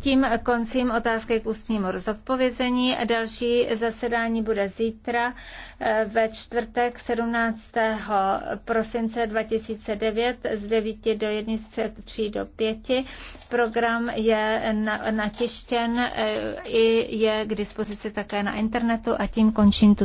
Tím koncím otázky k ústnímu zodpovězení. Další zasedání bude zítra eh, ve čtvrtek 17. prosince 2009 z 9 do 103 do 5. Program je natištěn eh, i je k dispozici také na internetu a tím končím tuto